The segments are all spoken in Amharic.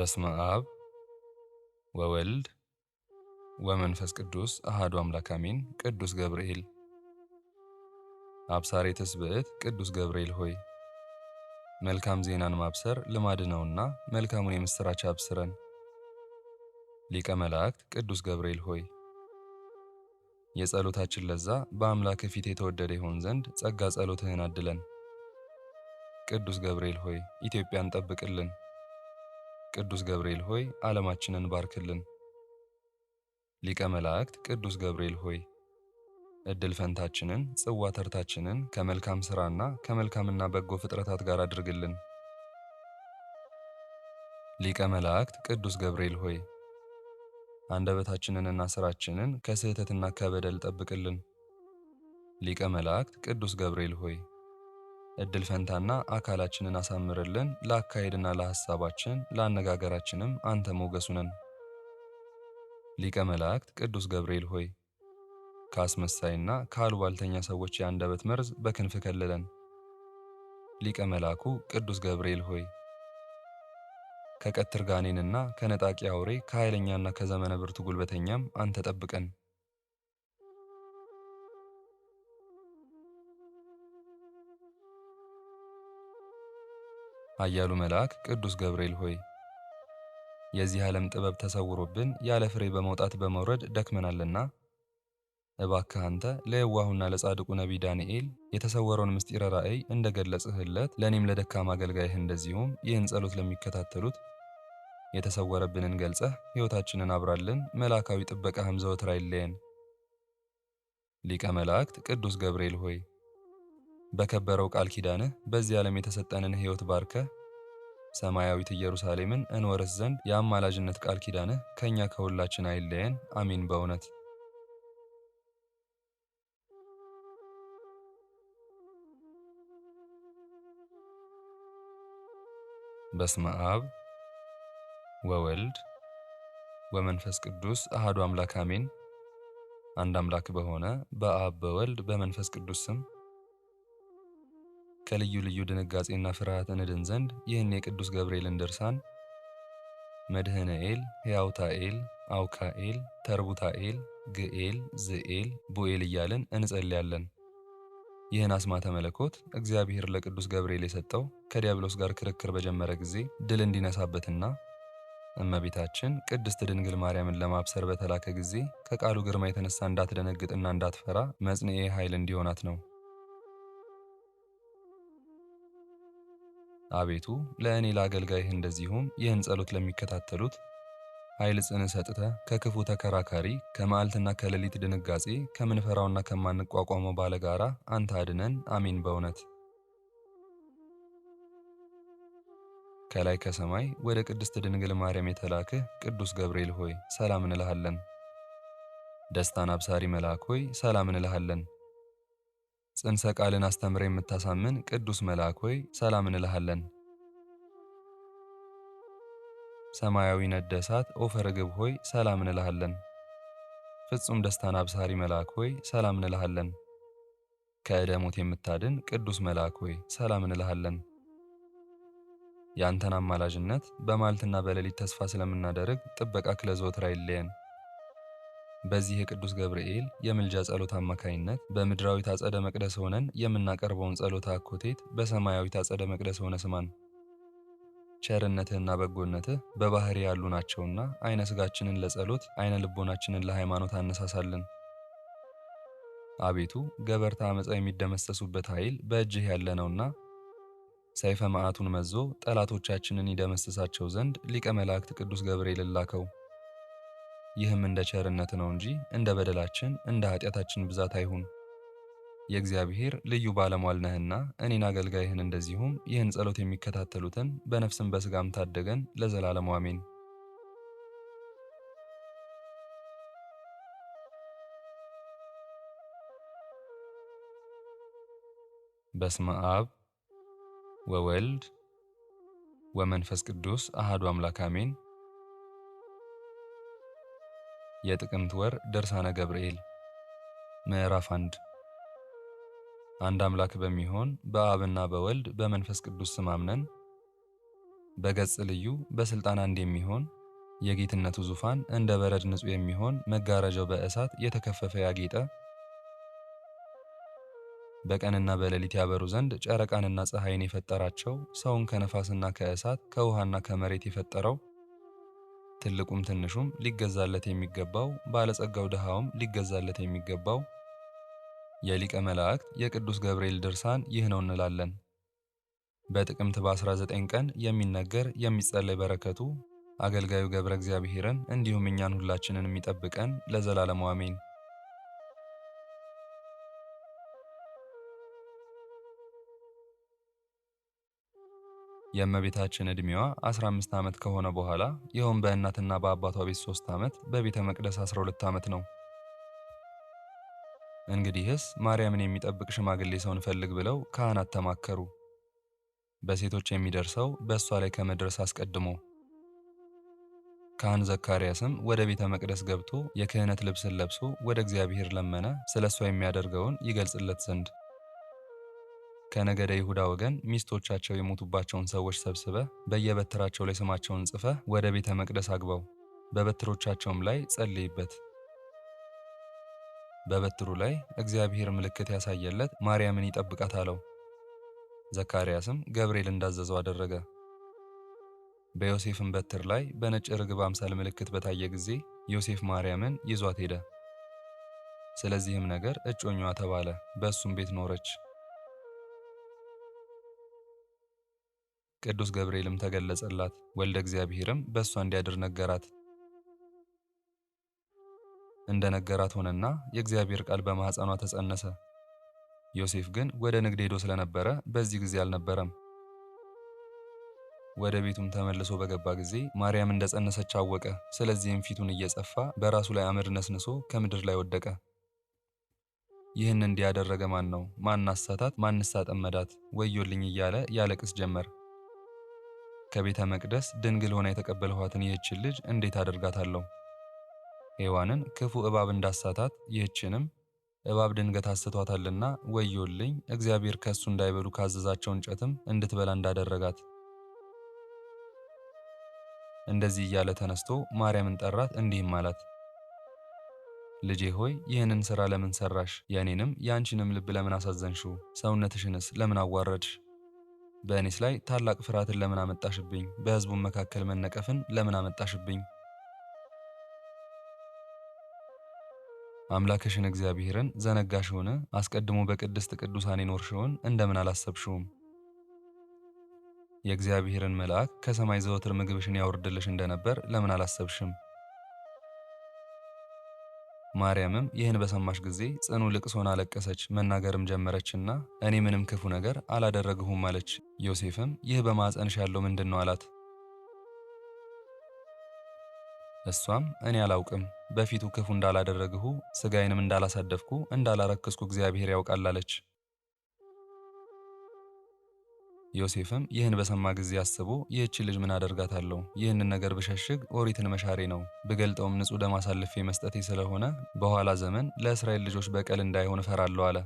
በስመ አብ ወወልድ ወመንፈስ ቅዱስ አሃዱ አምላክ አሜን። ቅዱስ ገብርኤል አብሳሬ ትስብእት ቅዱስ ገብርኤል ሆይ መልካም ዜናን ማብሰር ልማድ ነውና መልካሙን የምሥራች አብስረን። ሊቀ መላእክት ቅዱስ ገብርኤል ሆይ የጸሎታችን ለዛ በአምላክ ፊት የተወደደ ይሆን ዘንድ ጸጋ ጸሎትህን አድለን። ቅዱስ ገብርኤል ሆይ ኢትዮጵያን ጠብቅልን። ቅዱስ ገብርኤል ሆይ ዓለማችንን ባርክልን። ሊቀ መላእክት ቅዱስ ገብርኤል ሆይ እድል ፈንታችንን ጽዋ ተርታችንን ከመልካም ሥራና ከመልካምና በጎ ፍጥረታት ጋር አድርግልን። ሊቀ መላእክት ቅዱስ ገብርኤል ሆይ አንደበታችንንና ሥራችንን ከስህተትና ከበደል ጠብቅልን። ሊቀ መላእክት ቅዱስ ገብርኤል ሆይ እድል ፈንታና አካላችንን አሳምርልን። ለአካሄድና ለሐሳባችን ለአነጋገራችንም አንተ ሞገሱ ነን። ሊቀ መላእክት ቅዱስ ገብርኤል ሆይ ከአስመሳይና ከአሉባልተኛ ሰዎች የአንደበት መርዝ በክንፍ ከልለን። ሊቀ መላኩ ቅዱስ ገብርኤል ሆይ ከቀትር ጋኔንና ከነጣቂ አውሬ ከኃይለኛና ከዘመነ ብርቱ ጉልበተኛም አንተ ጠብቀን። ኃያሉ መልአክ ቅዱስ ገብርኤል ሆይ የዚህ ዓለም ጥበብ ተሰውሮብን ያለ ፍሬ በመውጣት በመውረድ ደክመናልና እባክህ አንተ ለየዋሁና ለጻድቁ ነቢይ ዳንኤል የተሰወረውን ምስጢረ ራእይ እንደገለጽህለት ለእኔም ለደካማ አገልጋይህ እንደዚሁም ይህን ጸሎት ለሚከታተሉት የተሰወረብንን ገልጸህ ሕይወታችንን አብራልን፣ መልአካዊ ጥበቃህም ዘወትር አይለየን። ሊቀ መላእክት ቅዱስ ገብርኤል ሆይ በከበረው ቃል ኪዳንህ በዚህ ዓለም የተሰጠንን ሕይወት ባርከ ሰማያዊት ኢየሩሳሌምን እንወርስ ዘንድ የአማላጅነት ቃል ኪዳንህ ከእኛ ከሁላችን አይለየን። አሚን። በእውነት በስመ አብ ወወልድ ወመንፈስ ቅዱስ አሃዱ አምላክ አሜን። አንድ አምላክ በሆነ በአብ በወልድ በመንፈስ ቅዱስ ስም ከልዩ ልዩ ድንጋጼና ፍርሃት እንድን ዘንድ ይህን የቅዱስ ገብርኤልን ድርሳን መድህነኤል፣ ኤል፣ አውካኤል፣ ተርቡታኤል፣ ግኤል፣ ዝኤል፣ ቡኤል እያልን እንጸልያለን። ይህን አስማተ መለኮት እግዚአብሔር ለቅዱስ ገብርኤል የሰጠው ከዲያብሎስ ጋር ክርክር በጀመረ ጊዜ ድል እንዲነሳበትና እመቤታችን ቅድስት ድንግል ማርያምን ለማብሰር በተላከ ጊዜ ከቃሉ ግርማ የተነሳ እንዳትደነግጥና እንዳትፈራ መጽንኤ ኃይል እንዲሆናት ነው። አቤቱ ለእኔ ለአገልጋይህ እንደዚሁም ይህን ጸሎት ለሚከታተሉት ኃይል ጽን ሰጥተ ከክፉ ተከራካሪ ከመዓልትና ከሌሊት ድንጋጼ ከምንፈራውና ከማንቋቋመው ባለጋራ አንተ አድነን። አሚን። በእውነት ከላይ ከሰማይ ወደ ቅድስት ድንግል ማርያም የተላክህ ቅዱስ ገብርኤል ሆይ ሰላም እንልሃለን። ደስታን አብሳሪ መልአክ ሆይ ሰላም እንልሃለን። ጽንሰ ቃልን አስተምረ የምታሳምን ቅዱስ መልአክ ሆይ ሰላም እንልሃለን። ሰማያዊ ነደ እሳት ኦፈ ርግብ ሆይ ሰላም እንልሃለን። ፍጹም ደስታን አብሳሪ መልአክ ሆይ ሰላም እንልሃለን። ከዕደ ሞት የምታድን ቅዱስ መልአክ ሆይ ሰላም እንልሃለን። የአንተን አማላጅነት በማልትና በሌሊት ተስፋ ስለምናደርግ ጥበቃ ክለ አይለየን። በዚህ የቅዱስ ገብርኤል የምልጃ ጸሎት አማካኝነት በምድራዊት አጸደ መቅደስ ሆነን የምናቀርበውን ጸሎት አኮቴት በሰማያዊት አጸደ መቅደስ ሆነ ስማን። ቸርነትህና በጎነትህ በባህር ያሉ ናቸውና አይነ ስጋችንን ለጸሎት አይነ ልቦናችንን ለሃይማኖት አነሳሳልን። አቤቱ ገበርታ ዓመፃ የሚደመሰሱበት ኃይል በእጅህ ያለ ነውና ሰይፈ መዓቱን መዞ ጠላቶቻችንን ይደመስሳቸው ዘንድ ሊቀ መላእክት ቅዱስ ገብርኤል ላከው። ይህም እንደ ቸርነት ነው እንጂ እንደ በደላችን እንደ ኃጢአታችን ብዛት አይሁን። የእግዚአብሔር ልዩ ባለሟል ነህና እኔን አገልጋይህን እንደዚሁም ይህን ጸሎት የሚከታተሉትን በነፍስም በሥጋም ታደገን ለዘላለሙ አሜን። በስመ አብ ወወልድ ወመንፈስ ቅዱስ አሃዱ አምላክ አሜን። የጥቅምት ወር ድርሳነ ገብርኤል ምዕራፍ አንድ አንድ አምላክ በሚሆን በአብና በወልድ በመንፈስ ቅዱስ ስም አምነን በገጽ ልዩ በስልጣን አንድ የሚሆን የጌትነቱ ዙፋን እንደ በረድ ንጹሕ የሚሆን መጋረጃው በእሳት የተከፈፈ ያጌጠ በቀንና በሌሊት ያበሩ ዘንድ ጨረቃንና ፀሐይን የፈጠራቸው ሰውን ከነፋስና ከእሳት ከውሃና ከመሬት የፈጠረው ትልቁም ትንሹም ሊገዛለት የሚገባው ባለጸጋው ድሃውም ሊገዛለት የሚገባው የሊቀ መላእክት የቅዱስ ገብርኤል ድርሳን ይህ ነው እንላለን። በጥቅምት በ19 ቀን የሚነገር የሚጸለይ በረከቱ አገልጋዩ ገብረ እግዚአብሔርን እንዲሁም እኛን ሁላችንን የሚጠብቀን ለዘላለም አሜን። የእመቤታችን ዕድሜዋ 15 ዓመት ከሆነ በኋላ ይኸውም በእናትና በአባቷ ቤት 3 ዓመት በቤተ መቅደስ 12 ዓመት ነው። እንግዲህስ ማርያምን የሚጠብቅ ሽማግሌ ሰውን ፈልግ ብለው ካህናት ተማከሩ። በሴቶች የሚደርሰው በእሷ ላይ ከመድረስ አስቀድሞ ካህን ዘካርያስም ወደ ቤተ መቅደስ ገብቶ የክህነት ልብስን ለብሶ ወደ እግዚአብሔር ለመነ፣ ስለ እሷ የሚያደርገውን ይገልጽለት ዘንድ። ከነገደ ይሁዳ ወገን ሚስቶቻቸው የሞቱባቸውን ሰዎች ሰብስበ በየበትራቸው ላይ ስማቸውን ጽፈ ወደ ቤተ መቅደስ አግባው። በበትሮቻቸውም ላይ ጸልይበት። በበትሩ ላይ እግዚአብሔር ምልክት ያሳየለት ማርያምን ይጠብቃት አለው። ዘካርያስም ገብርኤል እንዳዘዘው አደረገ። በዮሴፍም በትር ላይ በነጭ ርግብ አምሳል ምልክት በታየ ጊዜ ዮሴፍ ማርያምን ይዟት ሄደ። ስለዚህም ነገር እጮኛዋ ተባለ፣ በእሱም ቤት ኖረች። ቅዱስ ገብርኤልም ተገለጸላት፣ ወልደ እግዚአብሔርም በእሷ እንዲያድር ነገራት። እንደ ነገራት ሆነና የእግዚአብሔር ቃል በማኅፀኗ ተጸነሰ። ዮሴፍ ግን ወደ ንግድ ሄዶ ስለነበረ በዚህ ጊዜ አልነበረም። ወደ ቤቱም ተመልሶ በገባ ጊዜ ማርያም እንደጸነሰች አወቀ። ስለዚህም ፊቱን እየጸፋ በራሱ ላይ አመድ ነስንሶ ከምድር ላይ ወደቀ። ይህን እንዲያደረገ ማን ነው? ማን አሳታት? ማንስ አጠመዳት? ወዮልኝ እያለ ያለቅስ ጀመር። ከቤተ መቅደስ ድንግል ሆና የተቀበልኋትን ይህችን ልጅ እንዴት አደርጋታለሁ? ሔዋንን ክፉ እባብ እንዳሳታት ይህችንም እባብ ድንገት አስቷታልና ወዮልኝ፣ እግዚአብሔር ከእሱ እንዳይበሉ ካዘዛቸው እንጨትም እንድትበላ እንዳደረጋት። እንደዚህ እያለ ተነስቶ ማርያምን ጠራት፣ እንዲህም አላት፦ ልጄ ሆይ ይህንን ሥራ ለምን ሠራሽ? የእኔንም የአንቺንም ልብ ለምን አሳዘንሽው? ሰውነትሽንስ ለምን አዋረድሽ? በእኔስ ላይ ታላቅ ፍርሃትን ለምን አመጣሽብኝ? በሕዝቡ መካከል መነቀፍን ለምን አመጣሽብኝ? አምላክሽን እግዚአብሔርን ዘነጋሽውን? አስቀድሞ በቅድስት ቅዱሳን የኖርሽውን እንደምን አላሰብሽውም? የእግዚአብሔርን መልአክ ከሰማይ ዘወትር ምግብሽን ያወርድልሽ እንደነበር ለምን አላሰብሽም? ማርያምም ይህን በሰማች ጊዜ ጽኑ ልቅሶን አለቀሰች፣ መናገርም ጀመረችና እኔ ምንም ክፉ ነገር አላደረግሁም አለች። ዮሴፍም ይህ በማፀንሽ ያለው ምንድን ነው አላት። እሷም እኔ አላውቅም፣ በፊቱ ክፉ እንዳላደረግሁ ሥጋዬንም እንዳላሳደፍኩ እንዳላረከስኩ እግዚአብሔር ያውቃል አለች። ዮሴፍም ይህን በሰማ ጊዜ አስቦ ይህች ልጅ ምን አደርጋታለሁ? ይህንን ነገር ብሸሽግ ኦሪትን መሻሬ ነው፣ ብገልጠውም ንጹሕ ደም አሳልፌ መስጠቴ ስለሆነ በኋላ ዘመን ለእስራኤል ልጆች በቀል እንዳይሆን እፈራለሁ አለ።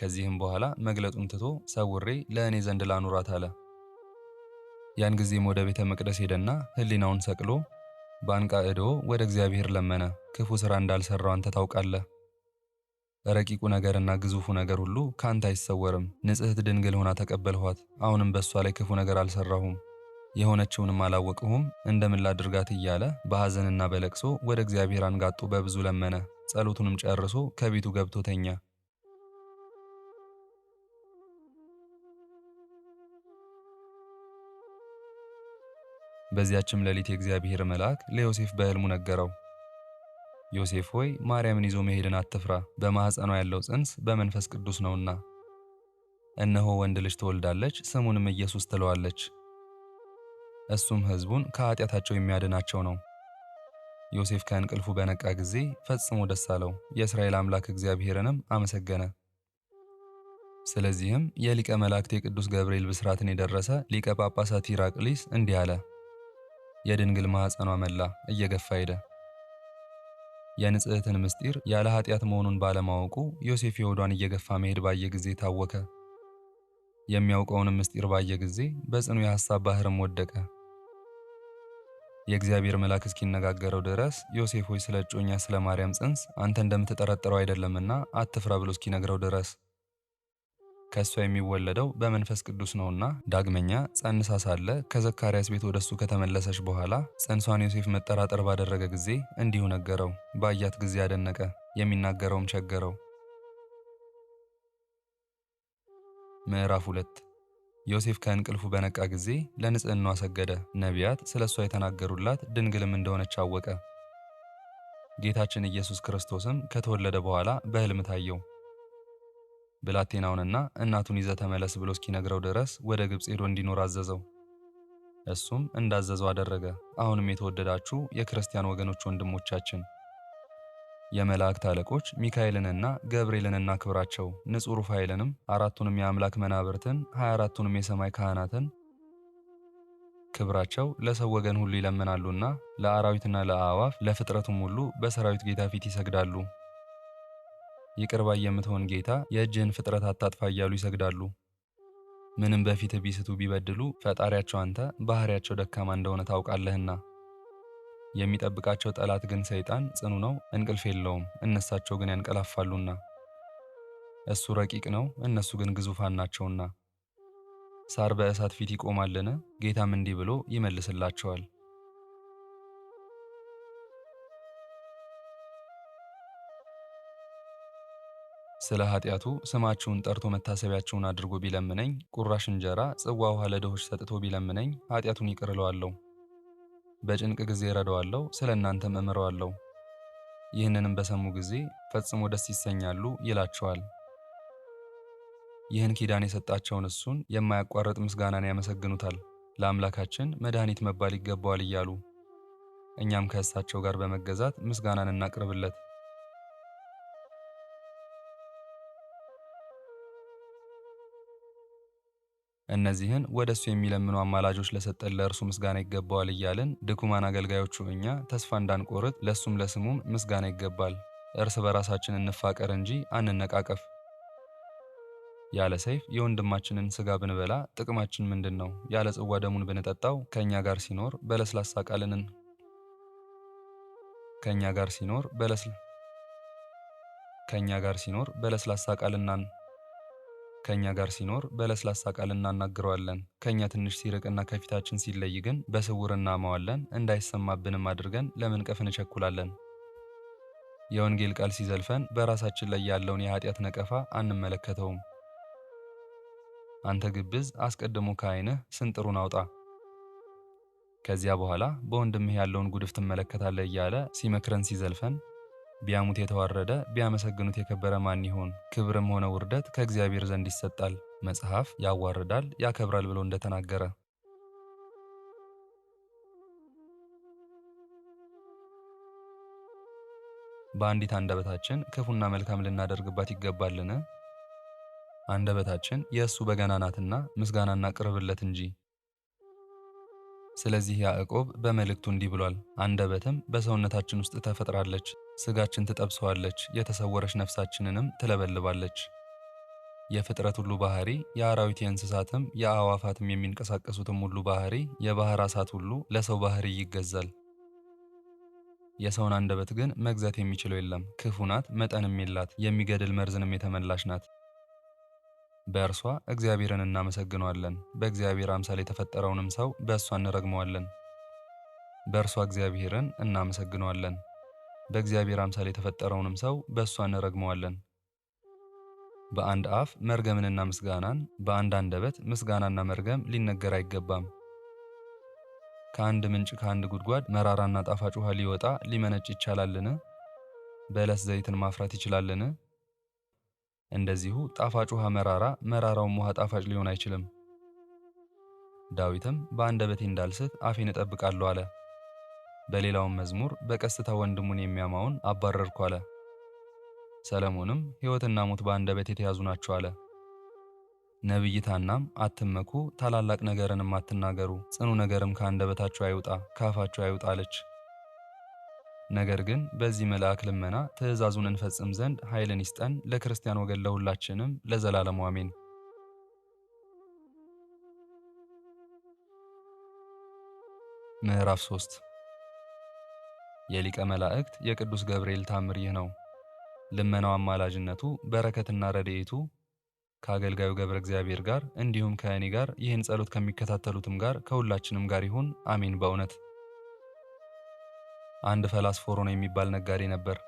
ከዚህም በኋላ መግለጡን ትቶ ሰውሬ ለእኔ ዘንድ ላኑራት አለ። ያን ጊዜም ወደ ቤተ መቅደስ ሄደና ሕሊናውን ሰቅሎ በአንቃ እዶ ወደ እግዚአብሔር ለመነ። ክፉ ሥራ እንዳልሠራው አንተ ታውቃለህ ረቂቁ ነገርና ግዙፉ ነገር ሁሉ ካንተ አይሰወርም። ንጽሕት ድንግል ሆና ተቀበልኋት። አሁንም በእሷ ላይ ክፉ ነገር አልሰራሁም የሆነችውንም አላወቅሁም፣ እንደምን ላድርጋት እያለ በሐዘንና በለቅሶ ወደ እግዚአብሔር አንጋጦ በብዙ ለመነ። ጸሎቱንም ጨርሶ ከቤቱ ገብቶ ተኛ። በዚያችም ሌሊት የእግዚአብሔር መልአክ ለዮሴፍ በሕልሙ ነገረው። ዮሴፍ ሆይ ማርያምን ይዞ መሄድን አትፍራ፣ በማኅፀኗ ያለው ጽንስ በመንፈስ ቅዱስ ነውና። እነሆ ወንድ ልጅ ትወልዳለች፣ ስሙንም ኢየሱስ ትለዋለች። እሱም ሕዝቡን ከኃጢአታቸው የሚያድናቸው ነው። ዮሴፍ ከእንቅልፉ በነቃ ጊዜ ፈጽሞ ደስ አለው፣ የእስራኤል አምላክ እግዚአብሔርንም አመሰገነ። ስለዚህም የሊቀ መላእክት የቅዱስ ገብርኤል ብስራትን የደረሰ ሊቀ ጳጳሳት ሂራቅሊስ እንዲህ አለ፣ የድንግል ማኅፀኗ መላ እየገፋ ሄደ። የንጽህትን ምስጢር ያለ ኃጢአት መሆኑን ባለማወቁ ዮሴፍ የሆዷን እየገፋ መሄድ ባየ ጊዜ ታወከ። የሚያውቀውንም ምስጢር ባየ ጊዜ በጽኑ የሐሳብ ባህርም ወደቀ። የእግዚአብሔር መልአክ እስኪነጋገረው ድረስ ዮሴፍ ሆይ ስለ እጮኛ ስለ ማርያም ጽንስ አንተ እንደምትጠረጥረው አይደለምና አትፍራ ብሎ እስኪነግረው ድረስ ከእሷ የሚወለደው በመንፈስ ቅዱስ ነውና። ዳግመኛ ጸንሳ ሳለ ከዘካርያስ ቤት ወደሱ ከተመለሰች በኋላ ጸንሷን ዮሴፍ መጠራጠር ባደረገ ጊዜ እንዲሁ ነገረው። ባያት ጊዜ አደነቀ፣ የሚናገረውም ቸገረው። ምዕራፍ 2 ዮሴፍ ከእንቅልፉ በነቃ ጊዜ ለንጽሕናዋ ሰገደ። ነቢያት ስለ እሷ የተናገሩላት ድንግልም እንደሆነች አወቀ። ጌታችን ኢየሱስ ክርስቶስም ከተወለደ በኋላ በሕልም ታየው። ብላቴናውንና እናቱን ይዘ ተመለስ ብሎ እስኪነግረው ድረስ ወደ ግብፅ ሄዶ እንዲኖር አዘዘው። እሱም እንዳዘዘው አደረገ። አሁንም የተወደዳችሁ የክርስቲያን ወገኖች ወንድሞቻችን የመላእክት አለቆች ሚካኤልንና ገብርኤልን እናክብራቸው። ንጹሕ ሩፋኤልንም አራቱንም የአምላክ መናብርትን 24ቱንም የሰማይ ካህናትን ክብራቸው ለሰው ወገን ሁሉ ይለምናሉና ለአራዊትና ለአእዋፍ ለፍጥረቱም ሁሉ በሰራዊት ጌታ ፊት ይሰግዳሉ። ይቅር ባይ የምትሆን ጌታ የእጅህን ፍጥረት አታጥፋ እያሉ ይሰግዳሉ። ምንም በፊት ቢስቱ ቢበድሉ ፈጣሪያቸው አንተ ባህሪያቸው ደካማ እንደሆነ ታውቃለህና። የሚጠብቃቸው ጠላት ግን ሰይጣን ጽኑ ነው፣ እንቅልፍ የለውም። እነሳቸው ግን ያንቀላፋሉና እሱ ረቂቅ ነው፣ እነሱ ግን ግዙፋን ናቸውና። ሳር በእሳት ፊት ይቆማልን? ጌታም እንዲህ ብሎ ይመልስላቸዋል። ስለ ኃጢአቱ ስማችሁን ጠርቶ መታሰቢያችሁን አድርጎ ቢለምነኝ፣ ቁራሽ እንጀራ ጽዋ ውሃ ለድሆች ሰጥቶ ቢለምነኝ ኃጢአቱን ይቅር እለዋለሁ፣ በጭንቅ ጊዜ እረዳዋለሁ፣ ስለ እናንተም እምረዋለሁ። ይህንንም በሰሙ ጊዜ ፈጽሞ ደስ ይሰኛሉ ይላቸዋል። ይህን ኪዳን የሰጣቸውን እሱን የማያቋርጥ ምስጋናን ያመሰግኑታል፣ ለአምላካችን መድኃኒት መባል ይገባዋል እያሉ እኛም ከእሳቸው ጋር በመገዛት ምስጋናን እናቅርብለት። እነዚህን ወደ እሱ የሚለምኑ አማላጆች ለሰጠን ለእርሱ ምስጋና ይገባዋል እያልን ድኩማን አገልጋዮቹ እኛ ተስፋ እንዳንቆርጥ ለእሱም ለስሙም ምስጋና ይገባል። እርስ በራሳችን እንፋቀር እንጂ አንነቃቀፍ። ያለ ሰይፍ የወንድማችንን ስጋ ብንበላ ጥቅማችን ምንድን ነው? ያለ ጽዋ ደሙን ብንጠጣው ከእኛ ጋር ሲኖር በለስላሳ ቃልንን ከእኛ ጋር ሲኖር በለስላሳ ቃልናን ከእኛ ጋር ሲኖር በለስላሳ ቃል እናናግረዋለን። ከእኛ ትንሽ ሲርቅና ከፊታችን ሲለይ ግን በስውር እናማዋለን፣ እንዳይሰማብንም አድርገን ለመንቀፍ እንቸኩላለን። የወንጌል ቃል ሲዘልፈን በራሳችን ላይ ያለውን የኃጢአት ነቀፋ አንመለከተውም። አንተ ግብዝ አስቀድሞ ከዓይንህ ስንጥሩን አውጣ፣ ከዚያ በኋላ በወንድምህ ያለውን ጉድፍ ትመለከታለህ እያለ ሲመክረን ሲዘልፈን ቢያሙት የተዋረደ ቢያመሰግኑት የከበረ ማን ይሆን? ክብርም ሆነ ውርደት ከእግዚአብሔር ዘንድ ይሰጣል። መጽሐፍ ያዋርዳል ያከብራል ብሎ እንደተናገረ በአንዲት አንደበታችን ክፉና መልካም ልናደርግባት ይገባልን? አንደበታችን የእሱ በገና ናትና ምስጋናና ቅርብለት እንጂ። ስለዚህ ያዕቆብ በመልእክቱ እንዲህ ብሏል፣ አንደበትም በሰውነታችን ውስጥ ተፈጥራለች ሥጋችን ትጠብሰዋለች፣ የተሰወረች ነፍሳችንንም ትለበልባለች። የፍጥረት ሁሉ ባህሪ የአራዊት የእንስሳትም የአዕዋፋትም የሚንቀሳቀሱትም ሁሉ ባህሪ የባህር አሳት ሁሉ ለሰው ባህሪ ይገዛል። የሰውን አንደበት ግን መግዛት የሚችለው የለም። ክፉ ናት፣ መጠንም የላት፣ የሚገድል መርዝንም የተመላች ናት። በእርሷ እግዚአብሔርን እናመሰግነዋለን፣ በእግዚአብሔር አምሳል የተፈጠረውንም ሰው በእሷ እንረግመዋለን። በእርሷ እግዚአብሔርን እናመሰግነዋለን። በእግዚአብሔር አምሳል የተፈጠረውንም ሰው በእሷ እንረግመዋለን። በአንድ አፍ መርገምንና ምስጋናን፣ በአንድ አንደበት ምስጋናና መርገም ሊነገር አይገባም። ከአንድ ምንጭ ከአንድ ጉድጓድ መራራና ጣፋጭ ውሃ ሊወጣ ሊመነጭ ይቻላልን? በለስ ዘይትን ማፍራት ይችላልን? እንደዚሁ ጣፋጭ ውሃ መራራ፣ መራራውም ውሃ ጣፋጭ ሊሆን አይችልም። ዳዊትም በአንደበቴ እንዳልስት አፌን እጠብቃለሁ አለ። በሌላውም መዝሙር በቀስታ ወንድሙን የሚያማውን አባረርኩ አለ። ሰለሞንም ሕይወትና ሞት በአንደበት የተያዙ ናቸው አለ። ነብይታናም አትመኩ፣ ታላላቅ ነገርንም አትናገሩ፣ ጽኑ ነገርም በታቸው አይውጣ፣ ካፋቸው አይውጣ አለች። ነገር ግን በዚህ መልአክ ልመና ትእዛዙን እንፈጽም ዘንድ ኃይልን ይስጠን ለክርስቲያን ወገን ለሁላችንም ለዘላለሙ አሜን። ምዕራፍ 3 የሊቀ መላእክት የቅዱስ ገብርኤል ታምር ይህ ነው። ልመናው፣ አማላጅነቱ፣ በረከትና ረድኤቱ ከአገልጋዩ ገብረ እግዚአብሔር ጋር እንዲሁም ከእኔ ጋር ይህን ጸሎት ከሚከታተሉትም ጋር ከሁላችንም ጋር ይሁን አሜን። በእውነት አንድ ነው የሚባል ነጋዴ ነበር።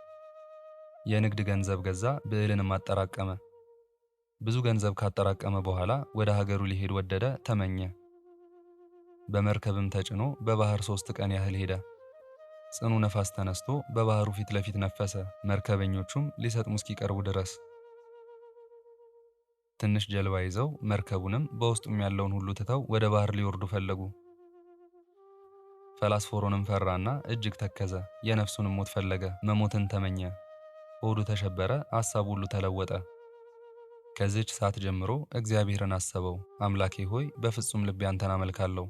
የንግድ ገንዘብ ገዛ፣ ብዕልንም አጠራቀመ። ብዙ ገንዘብ ካጠራቀመ በኋላ ወደ ሀገሩ ሊሄድ ወደደ፣ ተመኘ። በመርከብም ተጭኖ በባህር ሦስት ቀን ያህል ሄደ። ጽኑ ነፋስ ተነስቶ በባህሩ ፊት ለፊት ነፈሰ። መርከበኞቹም ሊሰጥሙ እስኪቀርቡ ድረስ ትንሽ ጀልባ ይዘው መርከቡንም በውስጡም ያለውን ሁሉ ትተው ወደ ባህር ሊወርዱ ፈለጉ። ፈላስፎሮንም ፈራና እጅግ ተከዘ። የነፍሱንም ሞት ፈለገ፣ መሞትን ተመኘ። ሆዱ ተሸበረ፣ ሐሳቡ ሁሉ ተለወጠ። ከዚች ሰዓት ጀምሮ እግዚአብሔርን አሰበው። አምላኬ ሆይ በፍጹም ልቤ አንተን አመልካለሁ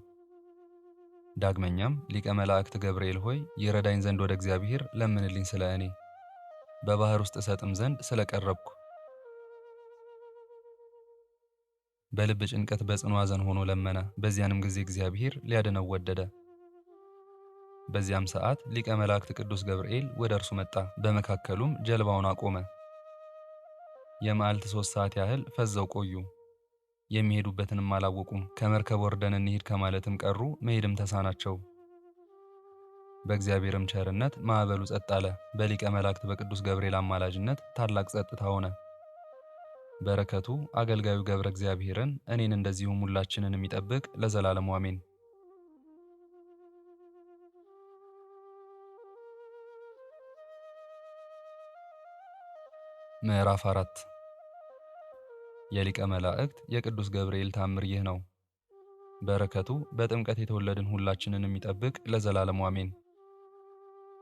ዳግመኛም ሊቀ መላእክት ገብርኤል ሆይ ይረዳኝ ዘንድ ወደ እግዚአብሔር ለምንልኝ ስለ እኔ በባህር ውስጥ እሰጥም ዘንድ ስለ ቀረብኩ በልብ ጭንቀት በጽኑ ሐዘን ሆኖ ለመነ። በዚያንም ጊዜ እግዚአብሔር ሊያድነው ወደደ። በዚያም ሰዓት ሊቀ መላእክት ቅዱስ ገብርኤል ወደ እርሱ መጣ። በመካከሉም ጀልባውን አቆመ። የመዓልት ሦስት ሰዓት ያህል ፈዘው ቆዩ። የሚሄዱበትንም አላወቁም። ከመርከብ ወርደን እንሂድ ከማለትም ቀሩ፣ መሄድም ተሳናቸው። በእግዚአብሔርም ቸርነት ማዕበሉ ጸጥ አለ። በሊቀ መላእክት በቅዱስ ገብርኤል አማላጅነት ታላቅ ጸጥታ ሆነ። በረከቱ አገልጋዩ ገብረ እግዚአብሔርን እኔን እንደዚሁም ሁላችንን የሚጠብቅ ለዘላለሙ አሜን። ምዕራፍ አራት የሊቀ መላእክት የቅዱስ ገብርኤል ታምር ይህ ነው። በረከቱ በጥምቀት የተወለድን ሁላችንን የሚጠብቅ ለዘላለሙ አሜን።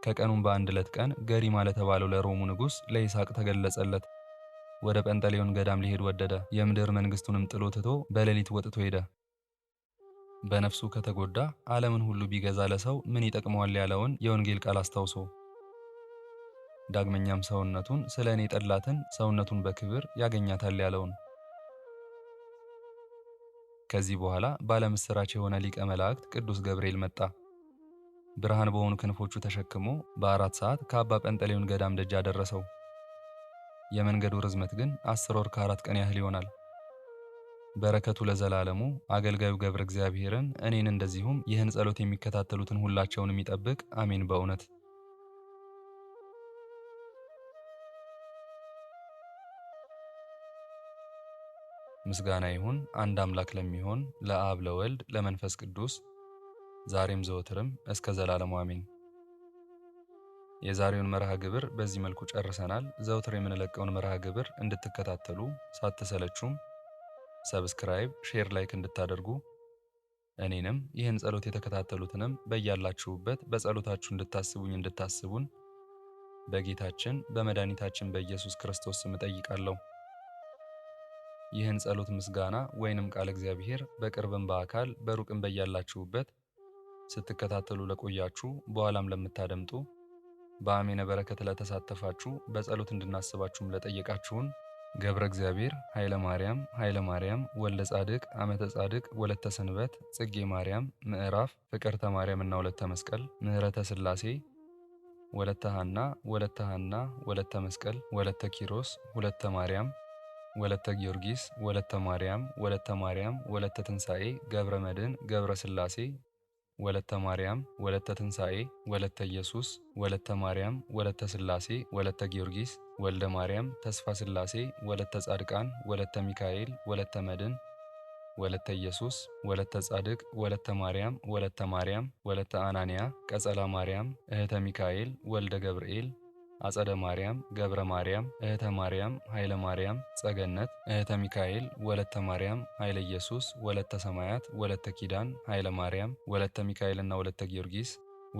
ከቀኑም በአንድ ዕለት ቀን ገሪማ ለተባለው ለሮሙ ንጉሥ ለይስሐቅ ተገለጸለት። ወደ ጴንጠሌዮን ገዳም ሊሄድ ወደደ። የምድር መንግሥቱንም ጥሎ ትቶ በሌሊት ወጥቶ ሄደ። በነፍሱ ከተጎዳ ዓለምን ሁሉ ቢገዛ ለሰው ምን ይጠቅመዋል ያለውን የወንጌል ቃል አስታውሶ ዳግመኛም ሰውነቱን ስለ እኔ ጠላትን ሰውነቱን በክብር ያገኛታል ያለውን ከዚህ በኋላ ባለምስራች የሆነ ሊቀ መላእክት ቅዱስ ገብርኤል መጣ። ብርሃን በሆኑ ክንፎቹ ተሸክሞ በአራት ሰዓት ከአባ ጴንጠሌዮን ገዳም ደጃ ደረሰው። የመንገዱ ርዝመት ግን አስር ወር ከአራት ቀን ያህል ይሆናል። በረከቱ ለዘላለሙ አገልጋዩ ገብረ እግዚአብሔርን እኔን እንደዚሁም ይህን ጸሎት የሚከታተሉትን ሁላቸውን የሚጠብቅ አሜን በእውነት ምስጋና ይሁን አንድ አምላክ ለሚሆን ለአብ ለወልድ ለመንፈስ ቅዱስ ዛሬም ዘወትርም እስከ ዘላለሙ አሜን። የዛሬውን መርሃ ግብር በዚህ መልኩ ጨርሰናል። ዘውትር የምንለቀውን መርሃ ግብር እንድትከታተሉ ሳትሰለቹም ሰብስክራይብ፣ ሼር፣ ላይክ እንድታደርጉ እኔንም ይህን ጸሎት የተከታተሉትንም በያላችሁበት በጸሎታችሁ እንድታስቡኝ እንድታስቡን በጌታችን በመድኃኒታችን በኢየሱስ ክርስቶስ ስም እጠይቃለሁ። ይህን ጸሎት ምስጋና ወይንም ቃል እግዚአብሔር በቅርብም በአካል በሩቅም በያላችሁበት ስትከታተሉ ለቆያችሁ በኋላም ለምታደምጡ በአሜነ በረከት ለተሳተፋችሁ በጸሎት እንድናስባችሁም ለጠየቃችሁን ገብረ እግዚአብሔር ኃይለ ማርያም ኃይለ ማርያም ወልደ ጻድቅ አመተ ጻድቅ ወለተ ሰንበት ጽጌ ማርያም ምዕራፍ ፍቅርተ ማርያምና ወለተ መስቀል ምህረተ ስላሴ ወለተ ሐና ወለተ ሐና ወለተ መስቀል ወለተ ኪሮስ ሁለተ ማርያም ወለተ ጊዮርጊስ፣ ወለተ ማርያም፣ ወለተ ማርያም፣ ወለተ ትንሣኤ፣ ገብረ መድን ገብረ ሥላሴ፣ ወለተ ማርያም፣ ወለተ ትንሣኤ፣ ወለተ ኢየሱስ፣ ወለተ ማርያም፣ ወለተ ሥላሴ፣ ወለተ ጊዮርጊስ፣ ወልደ ማርያም፣ ተስፋ ሥላሴ፣ ወለተ ጻድቃን፣ ወለተ ሚካኤል፣ ወለተ መድን ወለተ ኢየሱስ፣ ወለተ ጻድቅ፣ ወለተ ማርያም፣ ወለተ ማርያም፣ ወለተ አናንያ፣ ቀጸላ ማርያም፣ እህተ ሚካኤል፣ ወልደ ገብርኤል አጸደ ማርያም፣ ገብረ ማርያም፣ እህተ ማርያም፣ ኃይለ ማርያም፣ ጸገነት፣ እህተ ሚካኤል፣ ወለተ ማርያም፣ ኃይለ ኢየሱስ፣ ወለተ ሰማያት፣ ወለተ ኪዳን፣ ኃይለ ማርያም፣ ወለተ ሚካኤልና ወለተ ጊዮርጊስ፣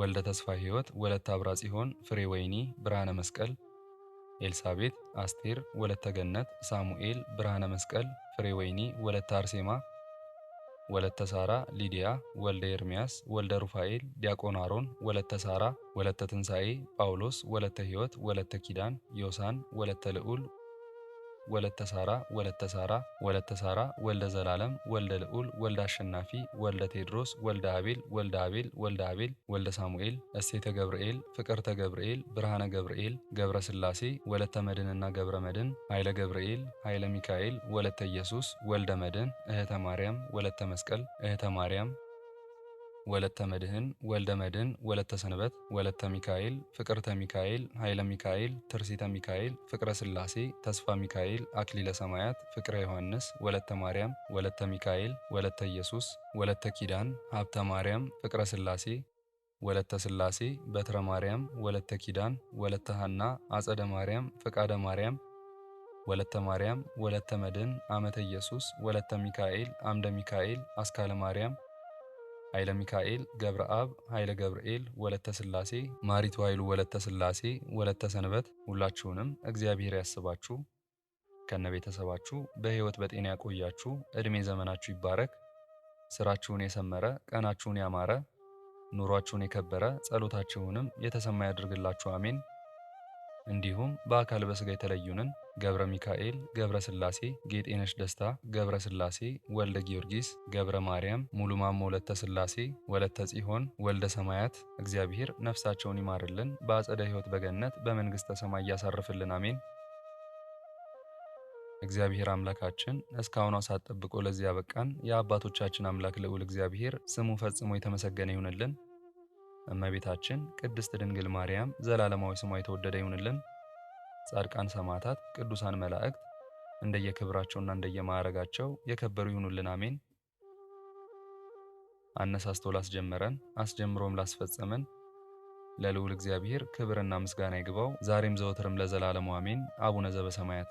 ወልደ ተስፋ ሕይወት፣ ወለተ አብራ ጽዮን፣ ፍሬ ወይኒ፣ ብርሃነ መስቀል፣ ኤልሳቤት፣ አስቴር፣ ወለተ ገነት፣ ሳሙኤል፣ ብርሃነ መስቀል፣ ፍሬ ወይኒ፣ ወለተ አርሴማ ወለተ ሳራ፣ ሊዲያ፣ ወልደ ኤርሚያስ፣ ወልደ ሩፋኤል፣ ዲያቆን አሮን፣ ወለተ ሳራ፣ ወለተ ትንሣኤ፣ ጳውሎስ፣ ወለተ ሕይወት፣ ወለተ ኪዳን፣ ዮሳን፣ ወለተ ልዑል፣ ወለተ ሳራ ወለተ ሳራ ወለተ ሳራ ወልደ ዘላለም ወልደ ልዑል ወልደ አሸናፊ ወልደ ቴድሮስ ወልደ አቤል ወልደ አቤል ወልደ አቤል ወልደ ሳሙኤል እሴተ ገብርኤል ፍቅርተ ገብርኤል ብርሃነ ገብርኤል ገብረ ስላሴ ወለተ መድንና ገብረ መድን ኃይለ ገብርኤል ኃይለ ሚካኤል ወለተ ኢየሱስ ወልደ መድን እህተ ማርያም ወለተ መስቀል እህተ ማርያም ወለተ መድህን፣ ወልደ መድህን፣ ወለተ ሰንበት፣ ወለተ ሚካኤል፣ ፍቅርተ ሚካኤል፣ ኃይለ ሚካኤል፣ ትርሲተ ሚካኤል፣ ፍቅረ ስላሴ፣ ተስፋ ሚካኤል፣ አክሊለ ሰማያት፣ ፍቅረ ዮሐንስ፣ ወለተ ማርያም፣ ወለተ ሚካኤል፣ ወለተ ኢየሱስ፣ ወለተ ኪዳን፣ ሀብተ ማርያም፣ ፍቅረ ስላሴ ወለተ ስላሴ በትረ ማርያም ወለተ ኪዳን ወለተ ሐና አጸደ ማርያም ፈቃደ ማርያም ወለተ ማርያም ወለተ መድህን አመተ ኢየሱስ ወለተ ሚካኤል አምደ ሚካኤል አስካለ ማርያም ኃይለ ሚካኤል፣ ገብረ አብ ኃይለ ገብርኤል፣ ወለተ ስላሴ፣ ማሪቱ ኃይሉ፣ ወለተ ስላሴ፣ ወለተ ሰንበት ሁላችሁንም እግዚአብሔር ያስባችሁ ከነ ቤተሰባችሁ በህይወት በጤና ያቆያችሁ። እድሜ ዘመናችሁ ይባረክ። ስራችሁን የሰመረ ቀናችሁን ያማረ ኑሯችሁን የከበረ ጸሎታችሁንም የተሰማ ያድርግላችሁ። አሜን። እንዲሁም በአካል በስጋ የተለዩንን ገብረ ሚካኤል ገብረ ስላሴ፣ ጌጤነሽ ደስታ ገብረ ስላሴ፣ ወልደ ጊዮርጊስ ገብረ ማርያም፣ ሙሉማሞ ወለተ ስላሴ፣ ወለተ ጽሆን፣ ወልደ ሰማያት እግዚአብሔር ነፍሳቸውን ይማርልን፣ በአጸደ ሕይወት በገነት በመንግሥተ ሰማይ እያሳርፍልን አሜን። እግዚአብሔር አምላካችን እስካሁኗ ሳትጠብቆ ለዚህ ያበቃን የአባቶቻችን አምላክ ልዑል እግዚአብሔር ስሙ ፈጽሞ የተመሰገነ ይሁንልን። እመቤታችን ቅድስት ድንግል ማርያም ዘላለማዊ ስሟ የተወደደ ይሁንልን። ጻድቃን ሰማዕታት፣ ቅዱሳን መላእክት እንደየክብራቸውና እንደየማዕረጋቸው የከበሩ ይሁኑልን። አሜን። አነሳስቶ ላስጀመረን አስጀምሮም ላስፈጸመን ለልዑል እግዚአብሔር ክብርና ምስጋና ይግባው ዛሬም ዘወትርም ለዘላለሙ አሜን። አቡነ ዘበሰማያት